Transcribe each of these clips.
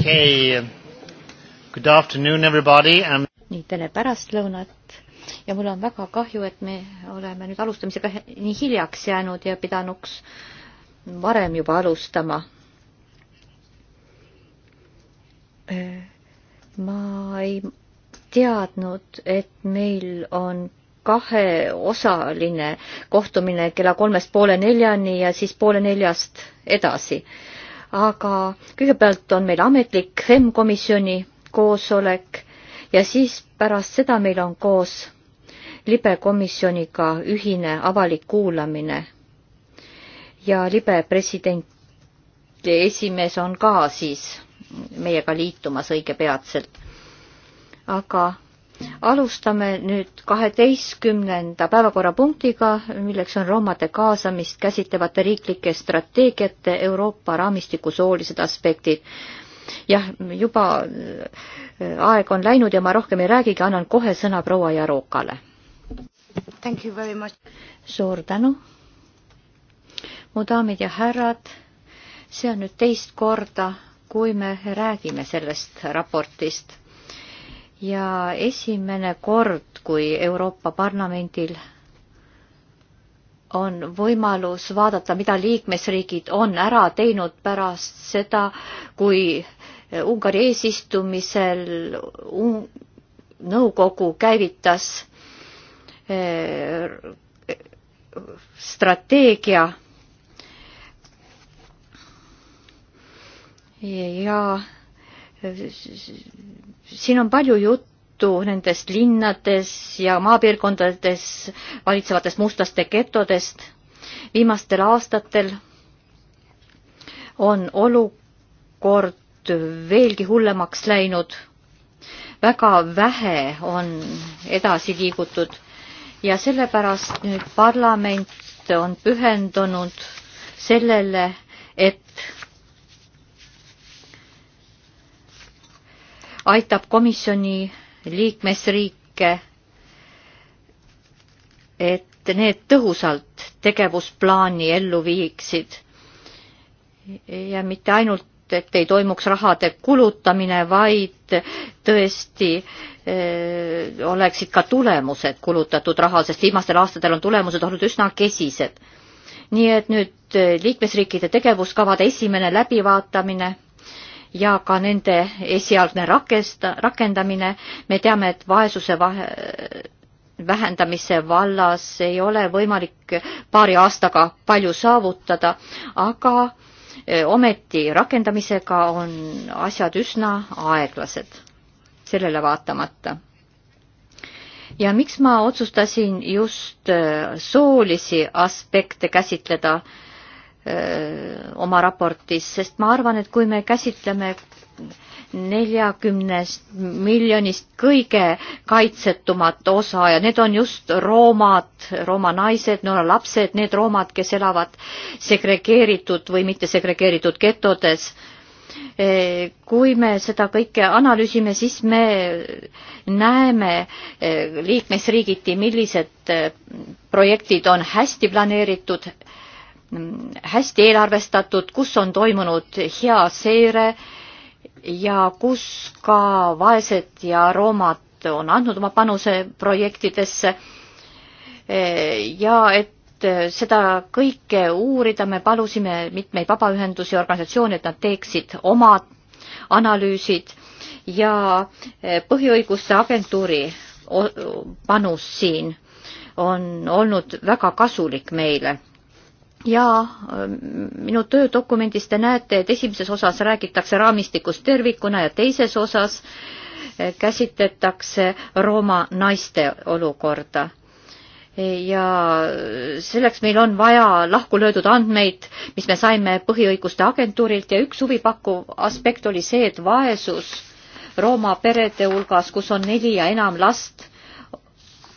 okei okay., good afternoon everybody and.... nii, tere pärastlõunat ja mul on väga kahju, et me oleme nüüd alustamisega nii hiljaks jäänud ja pidanuks varem juba alustama. ma ei teadnud, et meil on kaheosaline kohtumine kella kolmest poole neljani ja siis poole neljast edasi aga kõigepealt on meil ametlik HEM komisjoni koosolek ja siis pärast seda meil on koos libe komisjoniga ühine avalik kuulamine. ja libe president, esimees on ka siis meiega liitumas õige peatselt. aga alustame nüüd kaheteistkümnenda päevakorrapunktiga, milleks on roomade kaasamist käsitlevate riiklike strateegiate Euroopa raamistiku soolised aspektid. jah, juba äh, aeg on läinud ja ma rohkem ei räägigi, annan kohe sõna proua Jarokale. suur tänu. mu daamid ja härrad, see on nüüd teist korda, kui me räägime sellest raportist ja esimene kord, kui Euroopa Parlamendil on võimalus vaadata, mida liikmesriigid on ära teinud pärast seda, kui Ungari eesistumisel nõukogu käivitas eh, strateegia ja siin on palju juttu nendest linnades ja maapiirkondades valitsevatest mustlaste getodest. viimastel aastatel on olukord veelgi hullemaks läinud. väga vähe on edasi liigutud ja sellepärast nüüd parlament on pühendunud sellele, et aitab komisjoni liikmesriike, et need tõhusalt tegevusplaani ellu viiksid ja mitte ainult, et ei toimuks rahade kulutamine, vaid tõesti öö, eh, oleksid ka tulemused kulutatud raha, sest viimastel aastatel on tulemused olnud üsna kesised. nii et nüüd eh, liikmesriikide tegevuskavade esimene läbivaatamine ja ka nende esialgne rakesta, rakendamine. me teame, et vaesuse vahe, vähendamise vallas ei ole võimalik paari aastaga palju saavutada, aga e, ometi rakendamisega on asjad üsna aeglased, sellele vaatamata. ja miks ma otsustasin just e, soolisi aspekte käsitleda e, oma raportis, sest ma arvan, et kui me käsitleme neljakümnest miljonist kõige kaitsetumat osa ja need on just roomad, rooma naised, no lapsed, need roomad, kes elavad segregeeritud või mitte segregeeritud getodes. kui me seda kõike analüüsime, siis me näeme eh, liikmesriigiti, millised eh, projektid on hästi planeeritud Mm, hästi eelarvestatud, kus on toimunud hea seire ja kus ka vaesed ja roomad on andnud oma panuse projektidesse. ja et seda kõike uurida, me palusime mitmeid vabaühendusi ja organisatsioone, et nad teeksid omad analüüsid ja Põhiõiguste Agentuuri panus siin on olnud väga kasulik meile ja ähm, minu töödokumendis te näete, et esimeses osas räägitakse raamistikust tervikuna ja teises osas äh, käsitletakse Rooma naiste olukorda. ja selleks meil on vaja lahku löödud andmeid, mis me saime Põhiõiguste Agentuurilt ja üks huvipakkuv aspekt oli see, et vaesus Rooma perede hulgas, kus on neli ja enam last,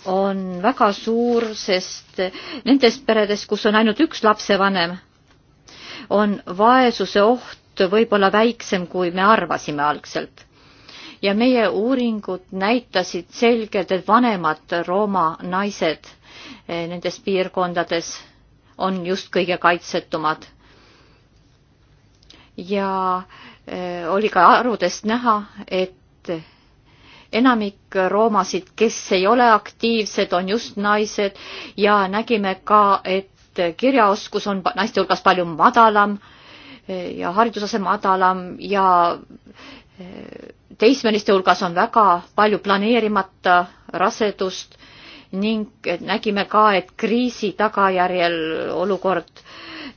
on väga suur, sest nendes peredes, kus on ainult üks lapsevanem, on vaesuse oht võib-olla väiksem, kui me arvasime algselt. ja meie uuringud näitasid selgelt, et vanemad Rooma naised eh, nendes piirkondades on just kõige kaitsetumad. ja eh, oli ka arvudest näha, et enamik roomasid, kes ei ole aktiivsed, on just naised ja nägime ka, et kirjaoskus on naiste hulgas palju madalam ja haridusase madalam ja eh, teismeliste hulgas on väga palju planeerimata rasedust ning nägime ka, et kriisi tagajärjel olukord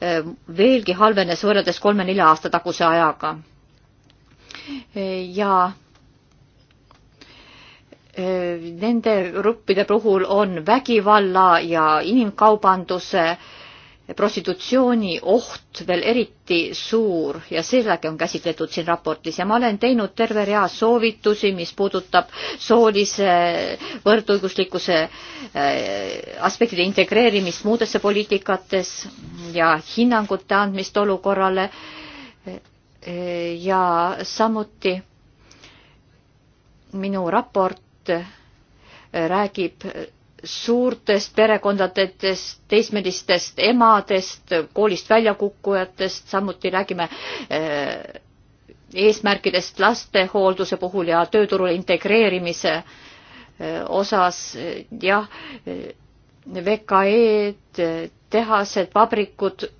eh, veelgi halvenes võrreldes kolme-nelja aasta taguse ajaga. Eh, ja nende gruppide puhul on vägivalla ja inimkaubanduse, prostitutsiooni oht veel eriti suur ja sellega on käsitletud siin raportis ja ma olen teinud terve rea soovitusi, mis puudutab soolise võrdõiguslikkuse äh, aspektide integreerimist muudesse poliitikates ja hinnangute andmist olukorrale äh, ja samuti minu raport Eh, räägib suurtest perekondadest, teismelistest emadest, koolist väljakukkujatest, samuti räägime eh, eesmärkidest lastehoolduse puhul ja tööturule integreerimise eh, osas, jah, VKE-d, tehased, vabrikud,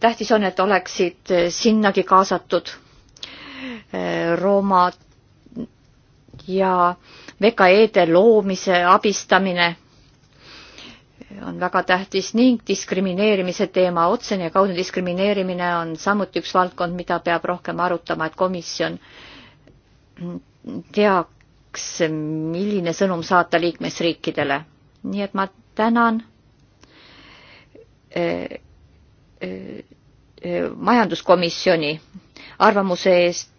tähtis on, et oleksid sinnagi kaasatud Äh, roomad ja VKE-de loomise abistamine on väga tähtis ning diskrimineerimise teema, otsene ja kaudne diskrimineerimine on samuti üks valdkond, mida peab rohkem arutama, et komisjon teaks, milline sõnum saata liikmesriikidele. nii et ma tänan äh, äh, majanduskomisjoni arvamuse eest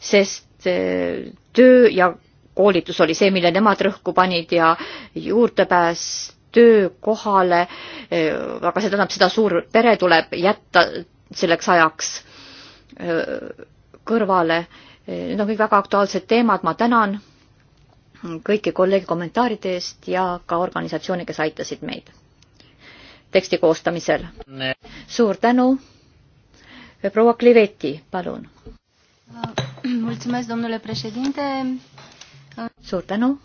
sest eh, töö ja koolitus oli see, mille nemad rõhku panid ja juurdepääs töökohale, eh, aga see tähendab, seda suur pere tuleb jätta selleks ajaks eh, kõrvale. Need on kõik väga aktuaalsed teemad, ma tänan kõiki kolleege kommentaaride eest ja ka organisatsioone, kes aitasid meid teksti koostamisel. suur tänu. proua Kliveti, palun uh Mulțumesc, domnule președinte. Suur tänu.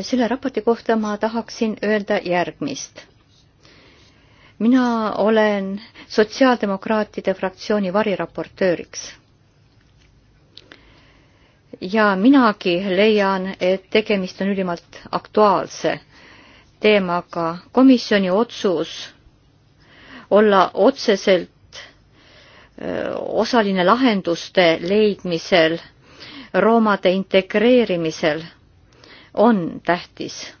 selle raporti kohta ma tahaksin öelda järgmist. mina olen sotsiaaldemokraatide fraktsiooni variraportööriks. ja minagi leian, et tegemist on ülimalt aktuaalse teemaga. komisjoni otsus olla otseselt osaline lahenduste leidmisel, roomade integreerimisel, on tähtis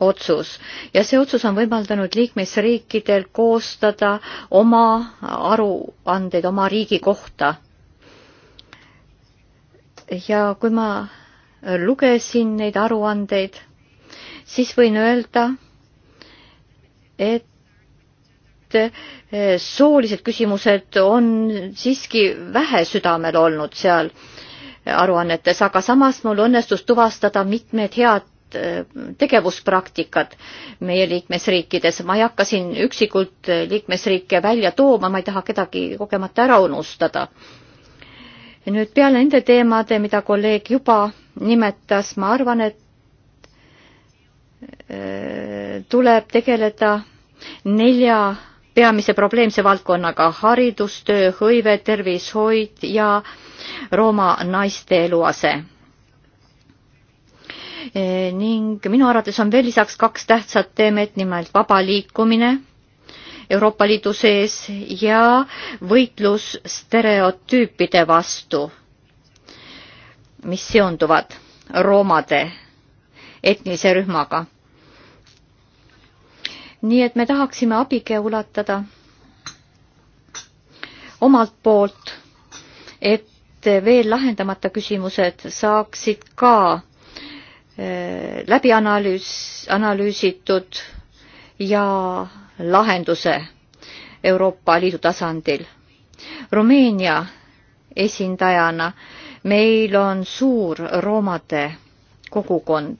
otsus ja see otsus on võimaldanud liikmesriikidel koostada oma aruandeid oma riigi kohta. ja kui ma lugesin neid aruandeid, siis võin öelda, et et eh, soolised küsimused on siiski vähe südamel olnud seal eh, aruannetes, aga samas mul õnnestus tuvastada mitmed head eh, tegevuspraktikad meie liikmesriikides. ma ei hakka siin üksikult liikmesriike välja tooma, ma ei taha kedagi kogemata ära unustada. nüüd peale nende teemade, mida kolleeg juba nimetas, ma arvan, et tuleb tegeleda nelja peamise probleemse valdkonnaga haridus, tööhõive, tervishoid ja Rooma naiste eluase e, ning minu arvates on veel lisaks kaks tähtsat teemet, nimelt vaba liikumine Euroopa Liidu sees ja võitlus stereotüüpide vastu, mis seonduvad roomade etnilise rühmaga nii et me tahaksime abikäe ulatada omalt poolt, et veel lahendamata küsimused saaksid ka eh, läbi analüüs, analüüsitud ja lahenduse Euroopa Liidu tasandil. Rumeenia esindajana meil on suur roomade kogukond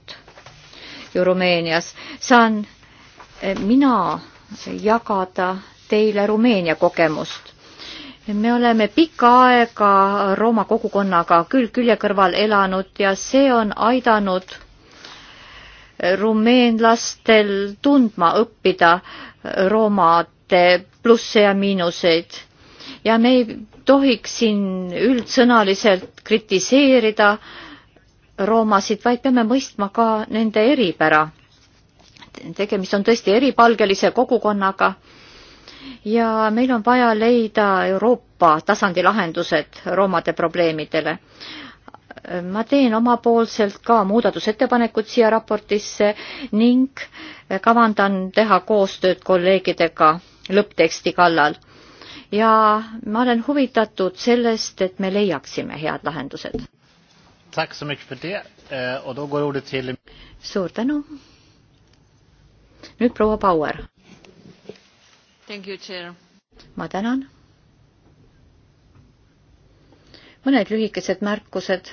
ju Rumeenias. saan mina jagada teile Rumeenia kogemust. me oleme pikka aega Rooma kogukonnaga külg külje kõrval elanud ja see on aidanud rumeenlastel tundma õppida Roomade plusse ja miinuseid. ja me ei tohiks siin üldsõnaliselt kritiseerida roomasid, vaid peame mõistma ka nende eripära tegemist on tõesti eripalgelise kogukonnaga ja meil on vaja leida Euroopa tasandi lahendused roomade probleemidele. ma teen omapoolselt ka muudatusettepanekud siia raportisse ning kavandan teha koostööd kolleegidega lõppteksti kallal. ja ma olen huvitatud sellest, et me leiaksime head lahendused. Eh, suur tänu nüüd proua Bauer. ma tänan. mõned lühikesed märkused.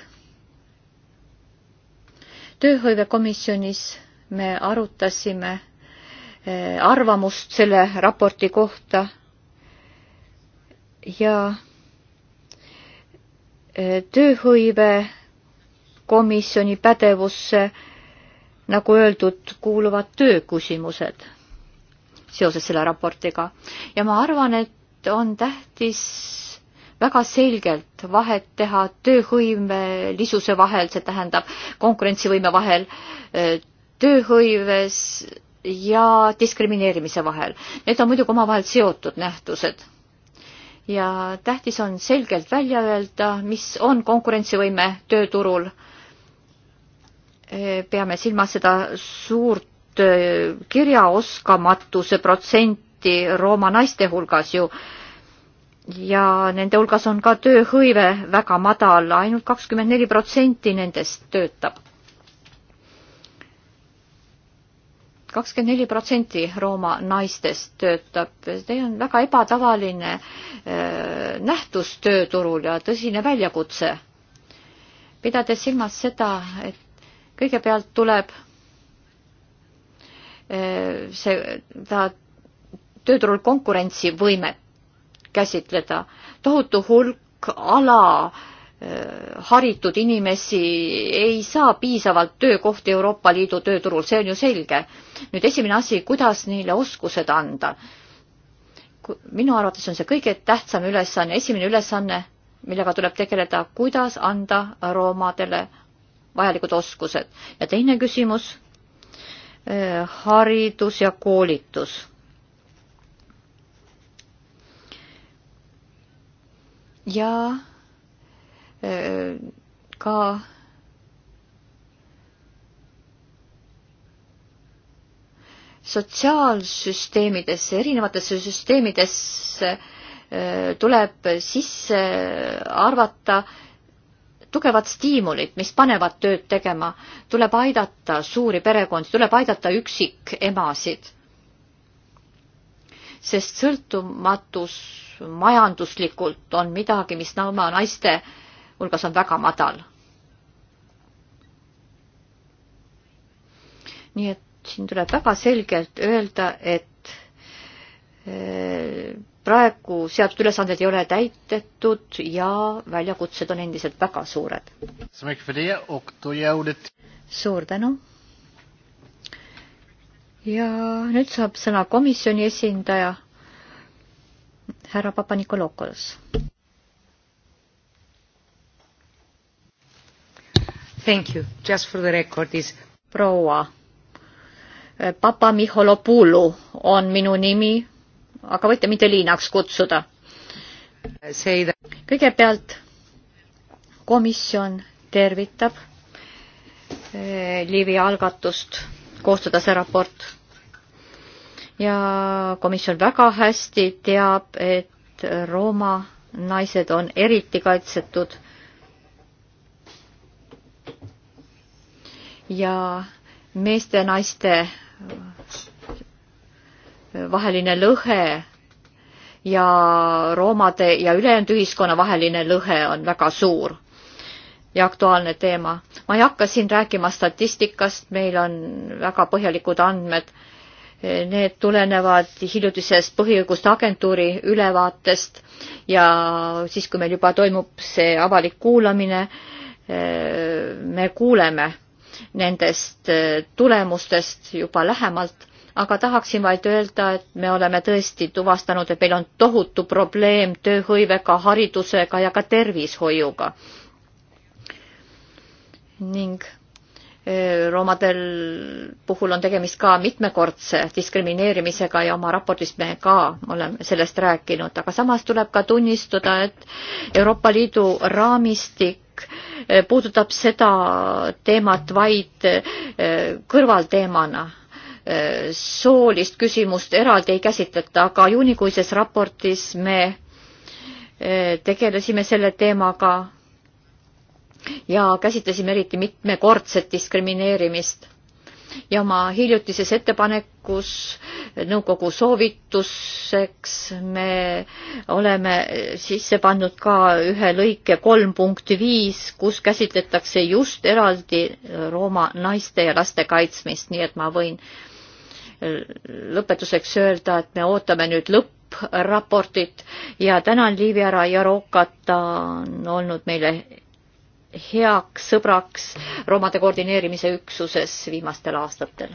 tööhõivekomisjonis me arutasime eh, arvamust selle raporti kohta ja eh, tööhõive komisjoni pädevusse nagu öeldud, kuuluvad tööküsimused seoses selle raportiga ja ma arvan, et on tähtis väga selgelt vahet teha tööhõimelisuse vahel, see tähendab konkurentsivõime vahel, tööhõives ja diskrimineerimise vahel. Need on muidugi omavahel seotud nähtused. ja tähtis on selgelt välja öelda, mis on konkurentsivõime tööturul Eh, peame silmas seda suurt eh, kirjaoskamatuse protsenti Rooma naiste hulgas ju ja nende hulgas on ka tööhõive väga madal ainult, ainult kakskümmend neli protsenti nendest töötab. kakskümmend neli protsenti Rooma naistest töötab, see on väga ebatavaline eh, nähtus tööturul ja tõsine väljakutse. pidades silmas seda, et kõigepealt tuleb eh, see, ta tööturul konkurentsivõimet käsitleda. tohutu hulk ala eh, haritud inimesi ei saa piisavalt töökohti Euroopa Liidu tööturul, see on ju selge. nüüd esimene asi, kuidas neile oskused anda? minu arvates on see kõige tähtsam ülesanne, esimene ülesanne, millega tuleb tegeleda, kuidas anda roomadele vajalikud oskused. ja teine küsimus, eh, haridus ja koolitus. ja eh, ka sotsiaalsüsteemidesse, erinevatesse süsteemidesse eh, tuleb sisse arvata äh, tugevad stiimulid, mis panevad tööd tegema. tuleb aidata suuri perekondi, tuleb aidata üksikemasid. sest sõltumatus majanduslikult on midagi, mis oma naiste hulgas on väga madal. nii et siin tuleb väga selgelt öelda, et äh, praegu seatud ülesanded ei ole täidetud ja väljakutsed on endiselt väga suured. suur tänu. ja nüüd saab sõna komisjoni esindaja härra Papa-Nikolokolos. Thank you, just for the record is proua eh, Papa-Mihholopulu on minu nimi aga võite mind Elinaks kutsuda. kõigepealt komisjon tervitab eh, Liivi algatust koostada see raport ja komisjon väga hästi teab, et Rooma naised on eriti kaitsetud ja meeste ja naiste vaheline lõhe ja roomade ja ülejäänud ühiskonna vaheline lõhe on väga suur ja aktuaalne teema. ma ei hakka siin rääkima statistikast, meil on väga põhjalikud andmed. Need tulenevad hiljutisest Põhiõiguste Agentuuri ülevaatest ja siis, kui meil juba toimub see avalik kuulamine, me kuuleme nendest tulemustest juba lähemalt aga tahaksin vaid öelda, et me oleme tõesti tuvastanud, et meil on tohutu probleem tööhõivega, haridusega ja ka tervishoiuga. ning romadel puhul on tegemist ka mitmekordse diskrimineerimisega ja oma raportis me ka oleme sellest rääkinud, aga samas tuleb ka tunnistada, et Euroopa Liidu raamistik puudutab seda teemat vaid kõrvalteemana soolist küsimust eraldi ei käsitleta, aga juunikuises raportis me eh, tegelesime selle teemaga ja käsitlesime eriti mitmekordset diskrimineerimist. ja oma hiljutises ettepanekus nõukogu soovituseks me oleme sisse pannud ka ühe lõike kolm punkt viis, kus käsitletakse just eraldi Rooma naiste ja laste kaitsmist, nii et ma võin äh, lõpetuseks öelda, et me ootame nüüd lõppraportit ja tänan Liivia Raia-Rookat, ta on olnud meile heaks sõbraks roomade koordineerimise üksuses viimastel aastatel.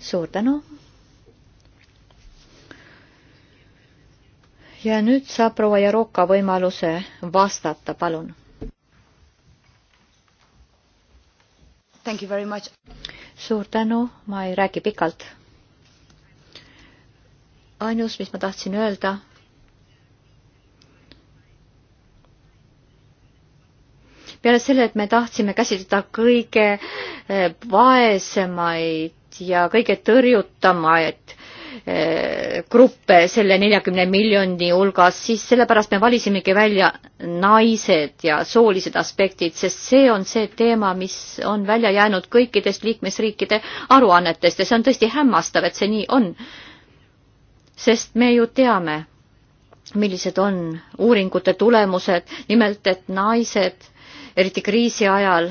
suur tänu. ja nüüd saab proua Jaroka võimaluse vastata, palun suur tänu, ma ei räägi pikalt. ainus, mis ma tahtsin öelda, peale selle, et me tahtsime käsitleda kõige eh, vaesemaid ja kõige tõrjutamaid Eh, gruppe selle neljakümne miljoni hulgas, siis sellepärast me valisimegi välja naised ja soolised aspektid, sest see on see teema, mis on välja jäänud kõikidest liikmesriikide aruannetest ja see on tõesti hämmastav, et see nii on. sest me ju teame, millised on uuringute tulemused, nimelt et naised, eriti kriisi ajal,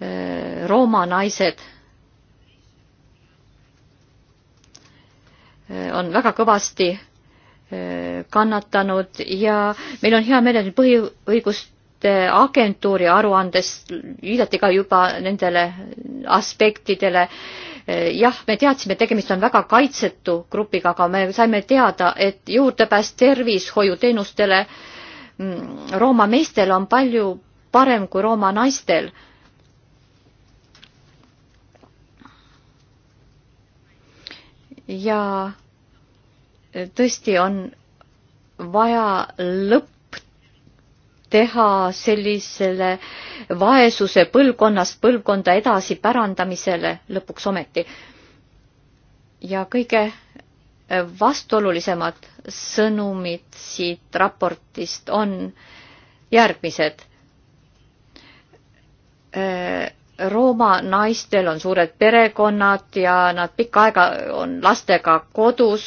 eh, Rooma naised on väga kõvasti e, kannatanud ja meil on hea meel, et põhiõiguste agentuuri aruandes viidati ka juba nendele aspektidele. E, jah, me teadsime, tegemist on väga kaitsetu grupiga, aga me saime teada, et juurdepääs tervishoiuteenustele mm, Rooma meestel on palju parem kui Rooma naistel ja tõesti on vaja lõpp teha sellisele vaesuse põlvkonnast põlvkonda edasi pärandamisele lõpuks ometi. ja kõige vastuolulisemad sõnumid siit raportist on järgmised Rooma naistel on suured perekonnad ja nad pikka aega on lastega kodus,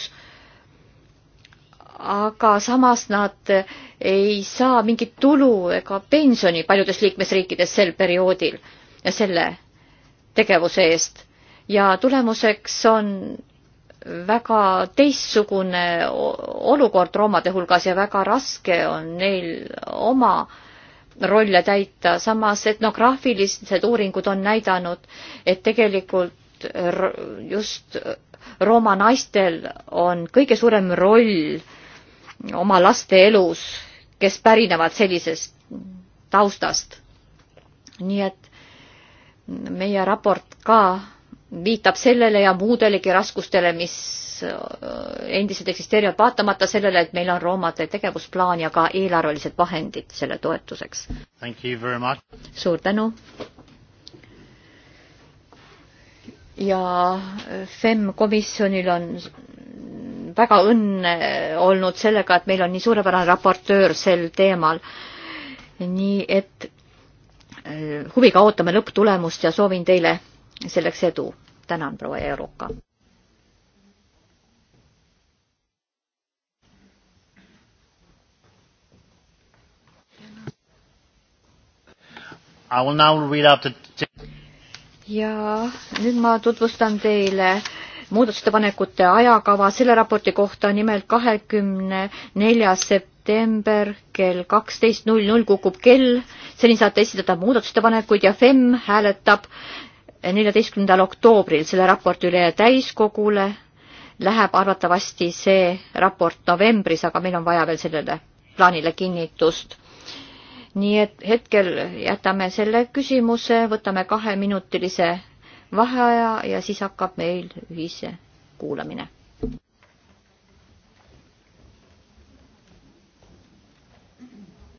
aga samas nad ei saa mingit tulu ega pensioni paljudes liikmesriikides sel perioodil ja selle tegevuse eest. ja tulemuseks on väga teistsugune olukord roomade hulgas ja väga raske on neil oma äh, rolle täita, samas etnograafilised uuringud on näidanud, et tegelikult just Rooma naistel on kõige suurem roll oma laste elus, kes pärinevad sellisest taustast. nii et meie raport ka viitab sellele ja muudelegi raskustele, mis äh, endiselt eksisteerivad, vaatamata sellele, et meil on roomade tegevusplaan ja ka eelarvelised vahendid selle toetuseks. suur tänu. ja äh, FEM komisjonil on väga õnne olnud sellega, et meil on nii suurepärane raportöör sel teemal. nii et äh, huviga ootame lõpptulemust ja soovin teile selleks edu tänan, proua Euroka. ja nüüd ma tutvustan teile muudatusettepanekute ajakava selle raporti kohta nimelt kahekümne neljas september kell kaksteist null null kukub kell, seni saate esitada muudatusettepanekuid ja FEM hääletab neljateistkümnendal oktoobril selle raporti üle täiskogule, läheb arvatavasti see raport novembris, aga meil on vaja veel sellele plaanile kinnitust. nii et hetkel jätame selle küsimuse, võtame kaheminutilise vaheaja ja siis hakkab meil ühise kuulamine